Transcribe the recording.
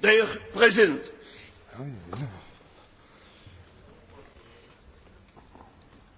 Dear President. Oh,